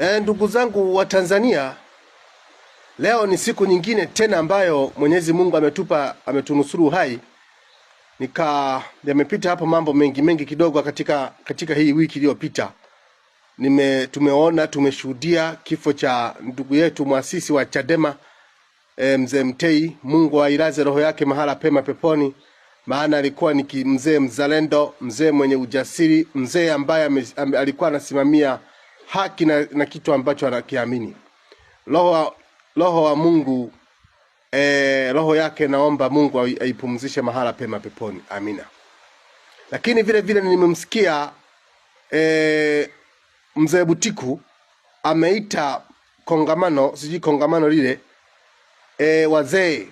E, ndugu zangu wa Tanzania, leo ni siku nyingine tena ambayo Mwenyezi Mungu ametupa ametunusuru hai. Nika yamepita hapo mambo mengi mengi kidogo katika katika hii wiki iliyopita. Nime tumeona tumeshuhudia kifo cha ndugu yetu mwasisi wa Chadema e, mzee Mtei. Mungu ailaze roho yake mahala pema peponi, maana alikuwa ni mzee mzalendo, mzee mwenye ujasiri, mzee ambaye alikuwa anasimamia haki na, na kitu ambacho anakiamini. Roho roho wa Mungu e, roho yake naomba Mungu aipumzishe mahala pema peponi, amina. Lakini vile vile nimemsikia e, mzee Butiku ameita kongamano, sijui kongamano lile e, wazee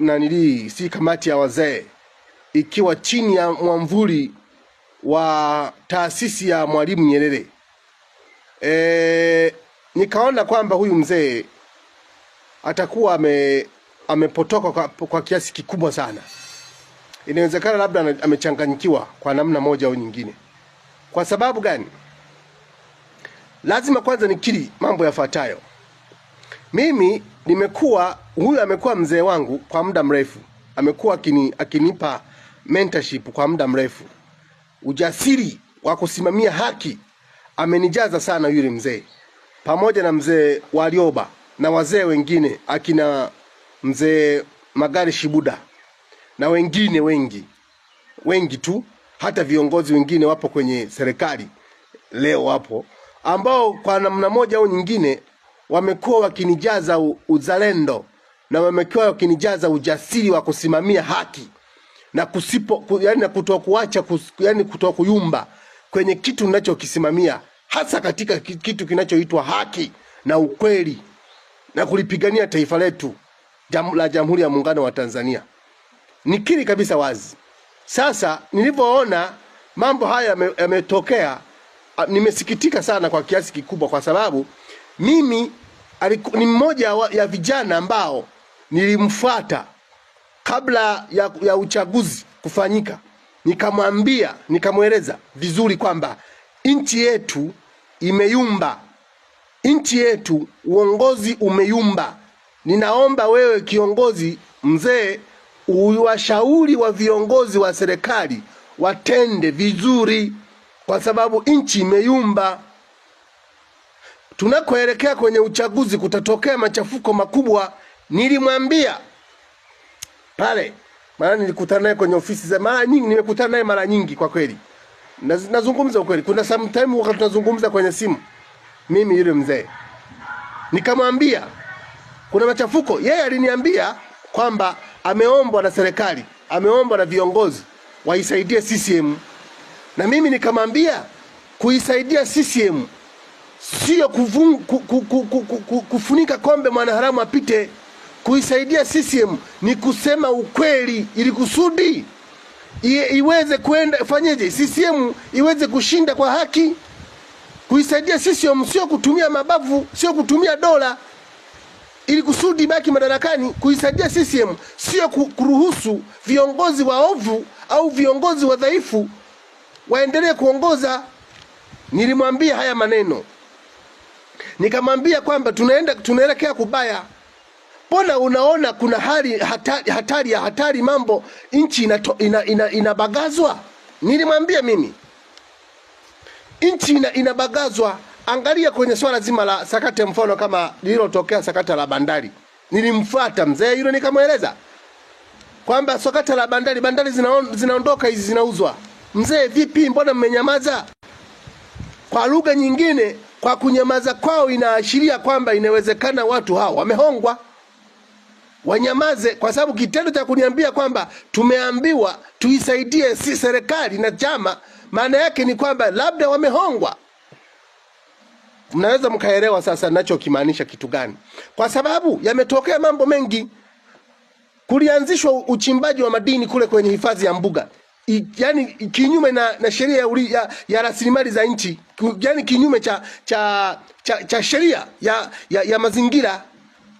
nanilii, si kamati ya wazee ikiwa chini ya mwamvuli wa taasisi ya Mwalimu Nyerere e, nikaona kwamba huyu mzee atakuwa ame, amepotoka kwa, kwa kiasi kikubwa sana. Inawezekana labda amechanganyikiwa kwa namna moja au nyingine. Kwa sababu gani? Lazima kwanza nikiri mambo yafuatayo. Mimi nimekuwa, huyu amekuwa mzee wangu kwa muda mrefu, amekuwa akini, akinipa mentorship kwa muda mrefu, ujasiri wa kusimamia haki amenijaza sana yule mzee, pamoja na mzee Warioba na wazee wengine akina mzee Magari Shibuda na wengine wengi wengi tu, hata viongozi wengine wapo kwenye serikali leo wapo, ambao kwa namna moja au nyingine wamekuwa wakinijaza uzalendo na wamekuwa wakinijaza ujasiri wa kusimamia haki na kusipo, yani kutokuacha, yani kutokuyumba kwenye kitu unachokisimamia, hasa katika kitu kinachoitwa haki na ukweli na kulipigania taifa letu jam, la Jamhuri ya Muungano wa Tanzania. Nikiri kabisa wazi. Sasa nilivyoona mambo haya yametokea, me, nimesikitika sana kwa kiasi kikubwa, kwa sababu mimi aliku, ni mmoja ya vijana ambao nilimfuata kabla ya, ya uchaguzi kufanyika nikamwambia nikamweleza vizuri kwamba nchi yetu imeyumba, nchi yetu uongozi umeyumba. Ninaomba wewe kiongozi mzee, uwashauri wa viongozi wa serikali watende vizuri, kwa sababu nchi imeyumba. Tunakoelekea kwenye uchaguzi kutatokea machafuko makubwa. Nilimwambia pale maana nilikutana naye kwenye ofisi za mara nyingi, nimekutana naye mara nyingi kwa kweli. Naz, nazungumza ukweli, kuna sometime wakati tunazungumza kwenye simu, mimi yule mzee nikamwambia kuna machafuko. Yeye aliniambia kwamba ameombwa na serikali, ameombwa na viongozi waisaidie CCM, na mimi nikamwambia kuisaidia CCM sio kufunika kombe mwanaharamu apite kuisaidia CCM ni kusema ukweli, ili kusudi iweze kwenda fanyeje, CCM iweze kushinda kwa haki. Kuisaidia CCM sio kutumia mabavu, sio kutumia dola ili kusudi baki madarakani. Kuisaidia CCM sio kuruhusu viongozi waovu au viongozi wadhaifu waendelee kuongoza. Nilimwambia haya maneno, nikamwambia kwamba tunaenda tunaelekea kubaya mbona unaona kuna hali hatari, hatari ya hatari, mambo nchi inabagazwa ina, ina, ina nilimwambia mimi nchi inabagazwa ina, angalia kwenye swala zima la sakate mfano kama lililotokea sakata la bandari. Nilimfuata mzee yule nikamweleza kwamba sakata la bandari, bandari zinaondoka hizi zinauzwa. Mzee vipi, mbona mmenyamaza? Kwa lugha nyingine, kwa kunyamaza kwao inaashiria kwamba inawezekana watu hao wamehongwa wanyamaze, kwa sababu kitendo cha kuniambia kwamba tumeambiwa tuisaidie si serikali na chama, maana yake ni kwamba labda wamehongwa. Mnaweza mkaelewa sasa ninachokimaanisha kitu gani, kwa sababu yametokea mambo mengi. Kulianzishwa uchimbaji wa madini kule kwenye hifadhi ya mbuga I, yani kinyume na, na sheria ya, ya, ya rasilimali za nchi, yani kinyume cha, cha, cha, cha sheria ya, ya, ya mazingira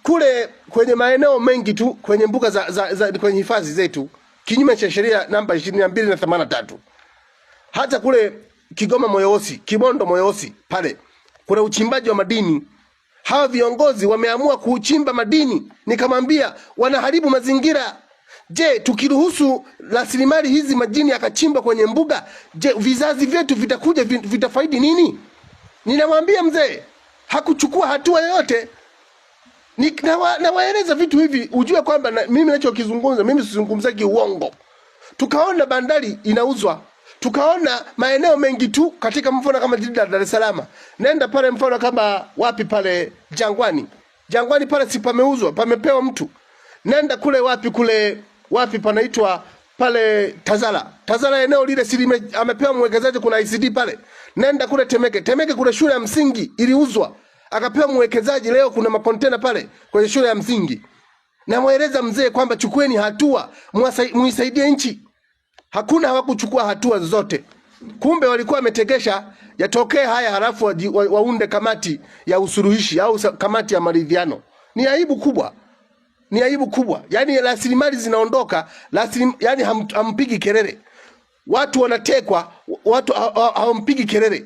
kule kwenye maeneo mengi tu kwenye mbuga za, za, za kwenye hifadhi zetu kinyume cha sheria namba ishirini na mbili na themanini na tatu. Hata kule Kigoma Moyosi, Kibondo Moyosi pale kuna uchimbaji wa madini. Hawa viongozi wameamua kuchimba madini, nikamwambia wanaharibu mazingira. Je, tukiruhusu rasilimali hizi madini yakachimba kwenye mbuga, je, vizazi vyetu vitakuja vitafaidi nini? Ninamwambia mzee hakuchukua hatua yoyote nawaeleza na vitu hivi ujue kwamba na, mimi nachokizungumza mimi sizungumzagi uongo. Tukaona bandari inauzwa, tukaona maeneo mengi tu katika mfano kama jiji la Dar es Salaam, nenda pale mfano kama wapi pale Jangwani, Jangwani pale si pameuzwa, pamepewa mtu. Nenda kule wapi kule wapi panaitwa pale Tazara. Tazara eneo lile si amepewa mwekezaji, kuna ICD pale. Nenda kule Temeke. Temeke kuna shule ya msingi iliuzwa akapewa mwekezaji. Leo kuna makontena pale kwenye shule ya msingi, namweleza mzee kwamba chukueni hatua, muisaidie nchi. Hakuna, hawakuchukua hatua zote. Kumbe walikuwa wametegesha yatokee haya, halafu waunde kamati ya usuluhishi au kamati ya maridhiano. Ni aibu kubwa, ni aibu kubwa. Yani rasilimali zinaondoka, yani ham, hampigi kelele, watu wanatekwa, watu hawampigi kelele,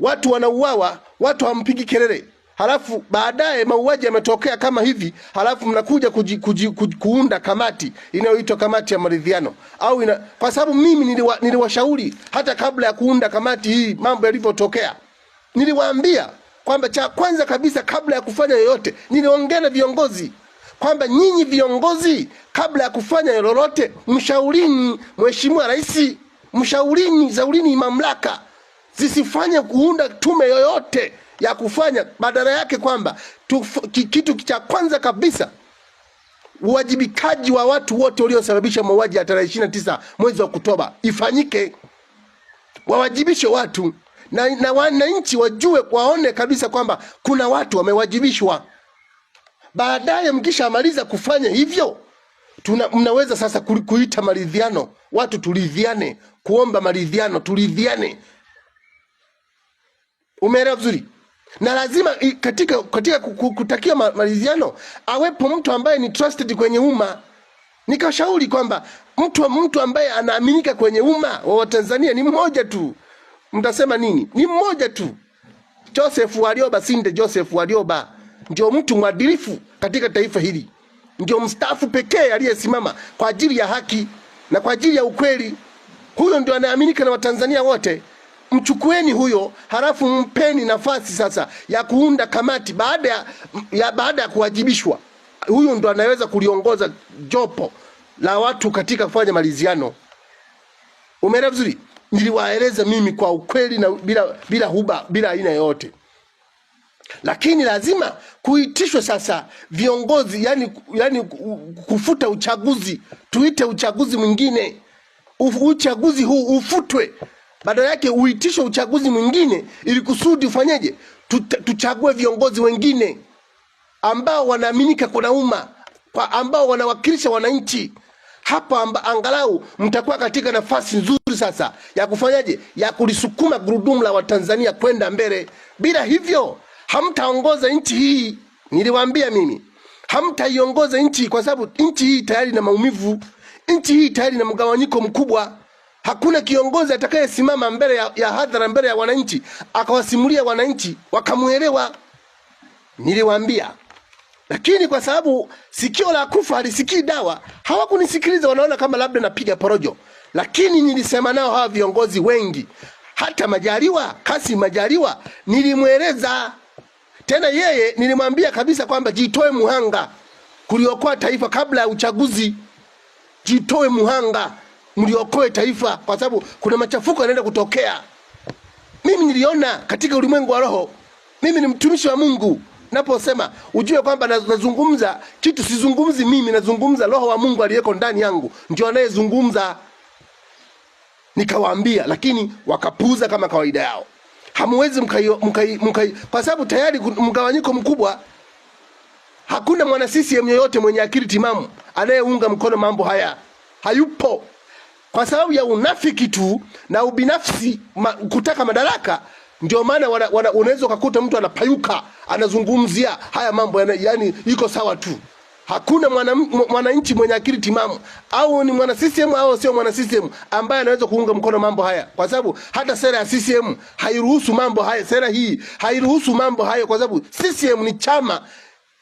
watu wanauawa, watu hawampigi kelele halafu baadaye mauaji yametokea kama hivi, halafu mnakuja kuji, kuji, kuji, kuunda kamati inayoitwa kamati ya maridhiano au ina, kwa sababu mimi niliwa, niliwashauri hata kabla ya kuunda kamati hii mambo yalivyotokea, niliwaambia kwamba cha kwanza kabisa kabla ya kufanya yoyote, niliongea na viongozi kwamba nyinyi viongozi, kabla ya kufanya lolote, mshaurini mheshimiwa rais, mshaurini, zaurini mamlaka zisifanye kuunda tume yoyote ya kufanya, badala yake kwamba kitu cha kwanza kabisa uwajibikaji wa watu wote waliosababisha mauaji ya tarehe ishirini na tisa mwezi wa Oktoba ifanyike, wawajibishe watu na, na wananchi wajue, waone kabisa kwamba kuna watu wamewajibishwa. Baadaye mkishamaliza kufanya hivyo tuna, mnaweza sasa kuita maridhiano, watu turidhiane, kuomba maridhiano, turidhiane. Umeelewa vizuri? na lazima katika, katika kutakia maridhiano awepo mtu ambaye ni trusted kwenye umma. Nikashauri kwamba mtu mtu ambaye anaaminika kwenye umma wa Watanzania ni mmoja tu. Mtasema nini? Ni mmoja tu, Joseph Warioba, Sinde Joseph Warioba ndio mtu mwadilifu katika taifa hili, ndio mstaafu pekee aliyesimama kwa ajili ya haki na kwa ajili ya ukweli. Huyo ndio anaaminika na Watanzania wote mchukueni huyo, halafu mpeni nafasi sasa ya kuunda kamati baada ya, ya baada ya kuwajibishwa. Huyu ndo anaweza kuliongoza jopo la watu katika kufanya maliziano. Umeelewa vizuri? Niliwaeleza mimi kwa ukweli na bila bila huba bila aina yoyote, lakini lazima kuitishwe sasa viongozi, yani, yani kufuta uchaguzi, tuite uchaguzi mwingine. Uchaguzi huu ufutwe badala yake uitishwe uchaguzi mwingine ili kusudi ufanyeje, tuchague viongozi wengine ambao wanaaminika kuna umma, ambao wanawakilisha wananchi hapa, amba angalau mtakuwa katika nafasi nzuri sasa ya kufanyaje, ya kulisukuma gurudumu la Watanzania kwenda mbele. Bila hivyo hamtaongoza nchi hii, niliwaambia mimi hamtaiongoza nchi, kwa sababu nchi hii tayari na maumivu, nchi hii tayari na mgawanyiko mkubwa. Hakuna kiongozi atakayesimama mbele ya, ya hadhara mbele ya wananchi akawasimulia wananchi wakamuelewa. Niliwaambia, lakini kwa sababu sikio la kufa halisikii dawa, hawakunisikiliza. Wanaona kama labda napiga porojo, lakini nilisema nao hawa viongozi wengi, hata Majaliwa, kasi Majaliwa nilimweleza tena yeye nilimwambia kabisa kwamba jitoe muhanga kuliokoa taifa kabla ya uchaguzi, jitoe muhanga mliokoe taifa, kwa sababu kuna machafuko yanaenda kutokea. Mimi niliona katika ulimwengu wa roho. Mimi ni mtumishi wa Mungu, naposema ujue kwamba nazungumza kitu, sizungumzi mimi, nazungumza Roho wa Mungu aliyeko ndani yangu, ndio anayezungumza. Nikawaambia, lakini wakapuuza kama kawaida yao. Hamuwezi mkai, mkai, mkai, kwa sababu tayari mgawanyiko mkubwa. Hakuna mwana CCM yoyote mwenye akili timamu anayeunga mkono mambo haya, hayupo kwa sababu ya unafiki tu na ubinafsi ma, kutaka madaraka ndio maana unaweza ukakuta mtu anapayuka anazungumzia haya mambo yana, yani iko sawa tu hakuna mwananchi mwana mwenye akili timamu au ni mwana CCM au sio mwana CCM ambaye anaweza kuunga mkono mambo haya, kwa sababu hata sera ya CCM hairuhusu mambo haya. Sera hii hairuhusu mambo hayo, kwa sababu CCM ni chama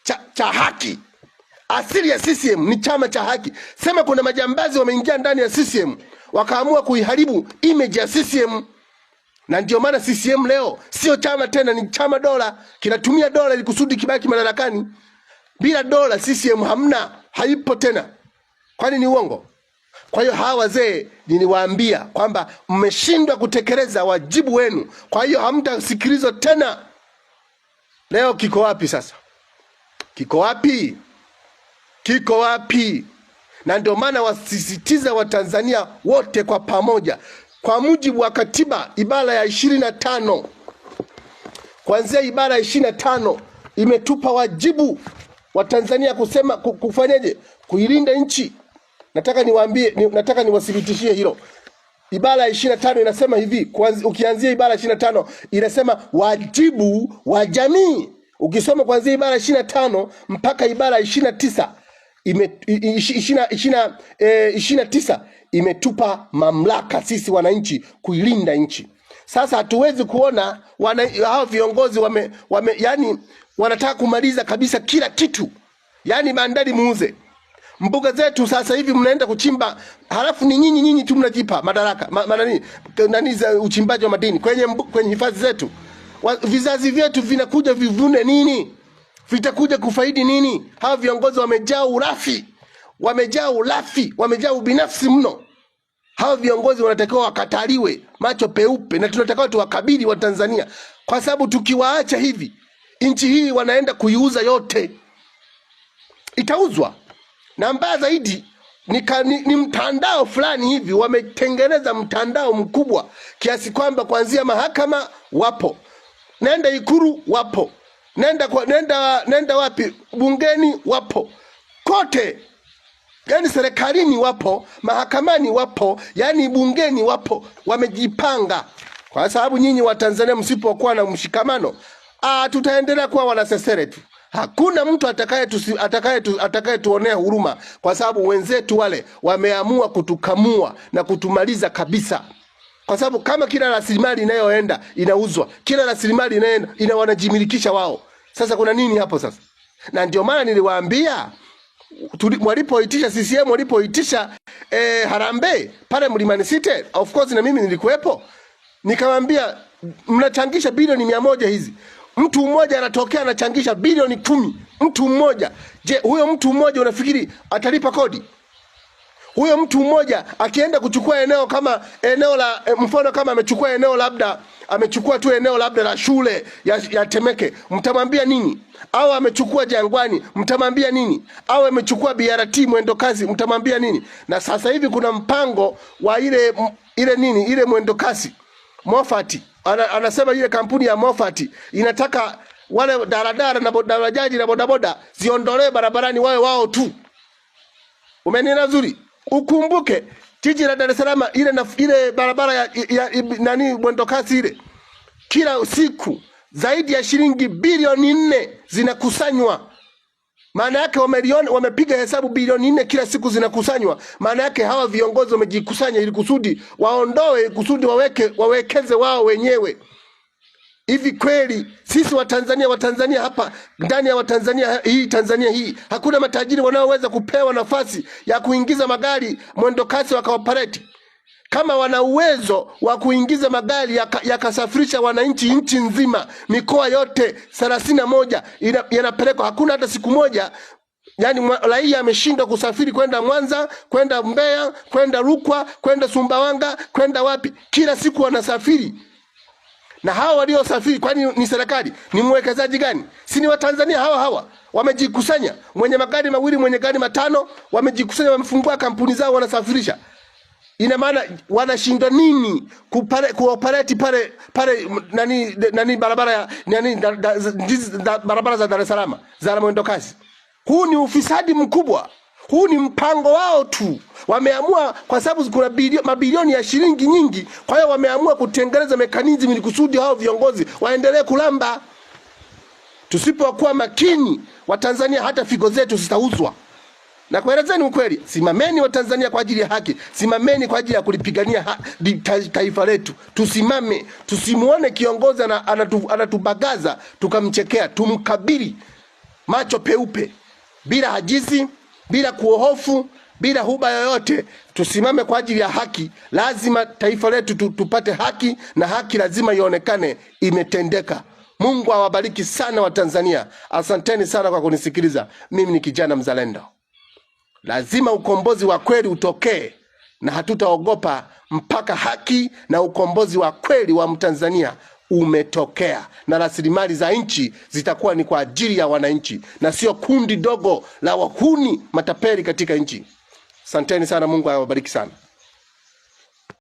cha, cha haki. Asili ya CCM ni chama cha haki. Sema kuna majambazi wameingia ndani ya CCM wakaamua kuiharibu image ya CCM, na ndio maana CCM leo sio chama tena, ni chama dola, kinatumia dola ili kusudi kibaki madarakani. Bila dola CCM hamna, haipo tena. Kwani ni uongo? Kwa hiyo hawa wazee niliwaambia kwamba mmeshindwa kutekeleza wajibu wenu, kwa hiyo hamtasikilizwa tena. Leo kiko wapi sasa? Kiko wapi? kiko wapi? Na ndio maana wasisitiza Watanzania wote kwa pamoja, kwa mujibu wa katiba ibara ya ishirini na tano kuanzia ibara ya ishirini na tano imetupa wajibu wa Tanzania kusema kufanyaje, kuilinda nchi. Nataka niwaambie ni, nataka niwathibitishie hilo. Ibara ya ishirini na tano inasema hivi, ukianzia ibara ya ishirini na tano inasema wajibu wa jamii. Ukisoma kuanzia ibara ya ishirini na tano mpaka ibara ya ishirini na tisa ishirini na e, tisa imetupa mamlaka sisi wananchi kuilinda nchi. Sasa hatuwezi kuona hao viongozi wame, wame, yani wanataka kumaliza kabisa kila kitu, yani bandari muuze mbuga zetu sasa hivi mnaenda kuchimba, halafu ni nyinyi nyinyi tu mnajipa madaraka ma, manani, nani za uchimbaji wa madini kwenye, mbu, kwenye hifadhi zetu. Wa, vizazi vyetu vinakuja vivune nini? vitakuja kufaidi nini? Hawa viongozi wamejaa urafi, wamejaa urafi, wamejaa ubinafsi mno. Hawa viongozi wanatakiwa wakataliwe macho peupe, na tunatakiwa tuwakabili Watanzania, kwa sababu tukiwaacha hivi nchi hii wanaenda kuiuza yote, itauzwa. Na mbaya zaidi ni, ni, ni mtandao fulani hivi wametengeneza mtandao mkubwa kiasi kwamba kuanzia mahakama wapo, naenda Ikuru wapo nenda, kwa, nenda, nenda wapi? Bungeni wapo kote, yani serikalini wapo, mahakamani wapo, yani bungeni wapo, wamejipanga. Kwa sababu nyinyi Watanzania msipokuwa na mshikamano, ah, tutaendelea kuwa wanasesere tu. Hakuna mtu atakaye tu, atakaye tu, atakaye tuonea huruma, kwa sababu wenzetu wale wameamua kutukamua na kutumaliza kabisa kwa sababu kama kila rasilimali inayoenda inauzwa, kila rasilimali inayoenda ina wanajimilikisha wao. Sasa kuna nini hapo sasa? Na ndio maana niliwaambia walipoitisha CCM walipoitisha e, harambee pale Mlimani City, of course na mimi nilikuwepo, nikamwambia mnachangisha bilioni mia moja hizi mtu mmoja anatokea anachangisha bilioni kumi, mtu mmoja. Je, huyo mtu mmoja unafikiri atalipa kodi? huyo mtu mmoja akienda kuchukua eneo kama eneo la eh, mfano, kama amechukua eneo labda amechukua tu eneo labda la shule ya, ya Temeke, mtamwambia nini? Au amechukua Jangwani, mtamwambia nini? Au amechukua BRT mwendo kasi, mtamwambia nini? Na sasa hivi kuna mpango wa ile ile nini ile mwendo kasi Mofati ana, anasema ile kampuni ya Mofati inataka wale daladala na darajaji na bodaboda ziondolewe barabarani, wawe wao tu. Umenina zuri Ukumbuke jiji la Dar es Salaam ile na, ile barabara ya, ya, ya nani mwendokasi ile kila siku zaidi ya shilingi bilioni nne zinakusanywa. Maana yake wameliona, wamepiga hesabu bilioni nne kila siku zinakusanywa. Maana yake hawa viongozi wamejikusanya ili kusudi waondoe, kusudi waweke, wawekeze wao wenyewe. Hivi kweli sisi Watanzania, Watanzania hapa ndani ya Watanzania hii, Tanzania hii hakuna matajiri wanaoweza kupewa nafasi ya kuingiza magari mwendo kasi Kama wana uwezo wa kuingiza magari yakasafirisha yaka wananchi nchi nzima, mikoa yote thelathini na moja yanapelekwa, hakuna hata siku moja Yani raia ameshindwa kusafiri kwenda Mwanza, kwenda Mbeya, kwenda Rukwa, kwenda Sumbawanga, kwenda wapi? Kila siku wanasafiri na hawa waliosafiri, kwani ni serikali? Ni mwekezaji gani? Si ni Watanzania hawa hawa wamejikusanya, mwenye magari mawili, mwenye gari matano, wamejikusanya, wamefungua kampuni zao, wanasafirisha. Ina maana wanashindwa nini kupare, kuoperate pale pale nani nani barabara ya nani da, da, da, barabara za Dar es Salaam za mwendo kasi. Huu ni ufisadi mkubwa. Huu ni mpango wao tu, wameamua kwa sababu kuna mabilioni ya shilingi nyingi. Kwa hiyo wameamua kutengeneza mekanizmu ili kusudi hao viongozi waendelee kulamba. Tusipokuwa makini, Watanzania hata figo zetu zitauzwa. Na kuelezeni ukweli, simameni Watanzania kwa ajili ya haki, simameni kwa ajili ya kulipigania taifa letu. Tusimame, tusimuone kiongozi anatu, anatubagaza tukamchekea, tumkabili macho peupe bila hajizi bila kuohofu, bila huba yoyote, tusimame kwa ajili ya haki. Lazima taifa letu tupate haki, na haki lazima ionekane imetendeka. Mungu awabariki sana Watanzania. Asanteni sana kwa kunisikiliza. Mimi ni kijana mzalendo. Lazima ukombozi wa kweli utokee, na hatutaogopa mpaka haki na ukombozi wa kweli wa Mtanzania umetokea, na rasilimali za nchi zitakuwa ni kwa ajili ya wananchi na sio kundi dogo la wahuni matapeli katika nchi. Asanteni sana, Mungu awabariki sana.